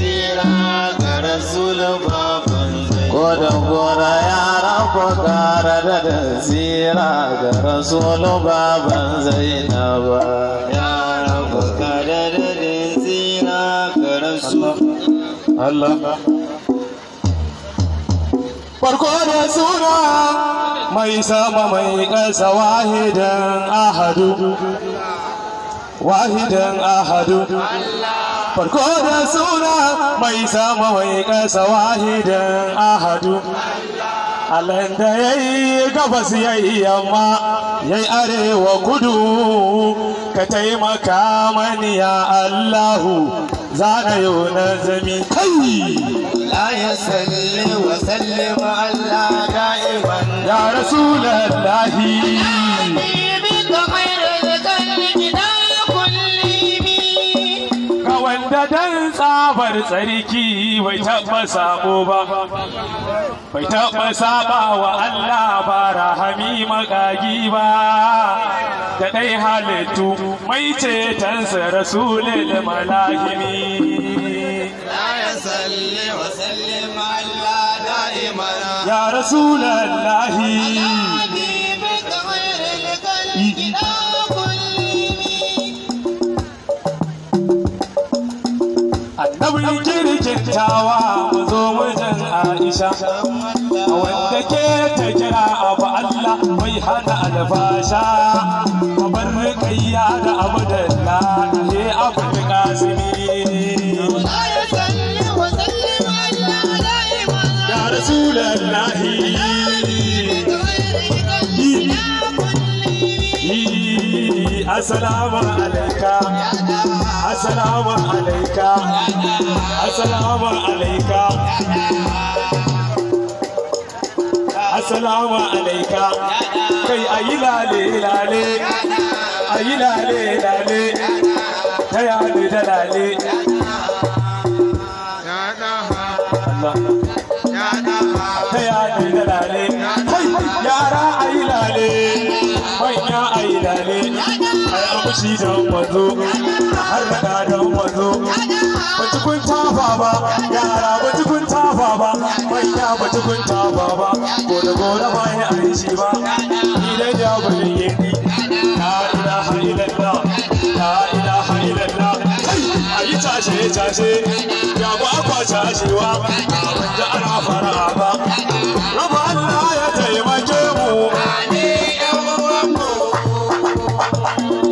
basira ga rasul baban ko da gora yara ko kara da basira ga rasul baban zainaba yara ko kara da zira ga rasul Allah farko da suna mai sama mai ƙasa wahidan ahadu wahidan ahadu Allah farko da suna mai sama mai ƙasa wahidin ahadu Allahn da ya yi gabas ya yi yamma ya yi arewa kudu. ka taimaka mani ya Allahu za ka yi zami kai لا يسل وسلم على Ya rasu رسول الله wanda dan tsabar tsarki bai taɓa sabo ba bai taɓa saba wa Allah ba rahami makagi ba da ɗai halittu mai cetonsa rasulul malahimi ya rasulallah Dabin kiri kyakkyawa zo mijin Aisha wanda ke ta kira abu Allah mai hana alfasha babar kayya da abu da lalle abu da kasimi. Ya Assalamu alaikum. assalamu alaika assalamu alaika assalamu alaika kai ayi lale lale ayi lale lale ta yadu da lale Allah shi dan wazo har da dan wazo bata kun tafa ba yara bata kun tafa ba manya bata kun tafa ba gona gona ba a an shi ba da ya bari yaki la ila illallah la ilaha illallah kai ayi tashe tashe ya ba kwa tashewa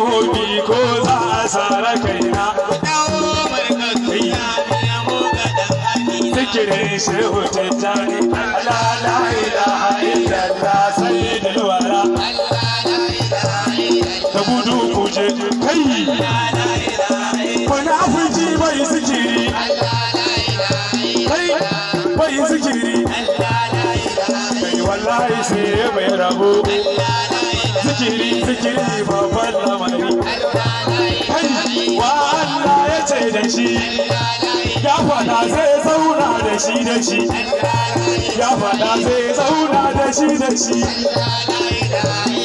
hobi za a sara kaina da Allah la ilaha wani bai zikiri wallahi ba shi da shi ya faɗa zai zauna da shi da shi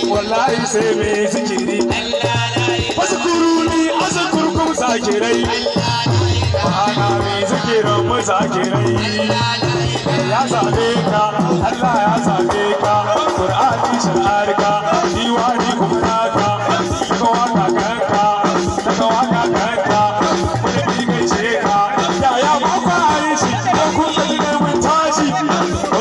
wallahi sai mai zikiri wasu kuruni asu kurkun zakirai ana mai zikirin mu zakirai ya zabe ka Allah ya zabe ka Qur'ani shari'ar Thank you.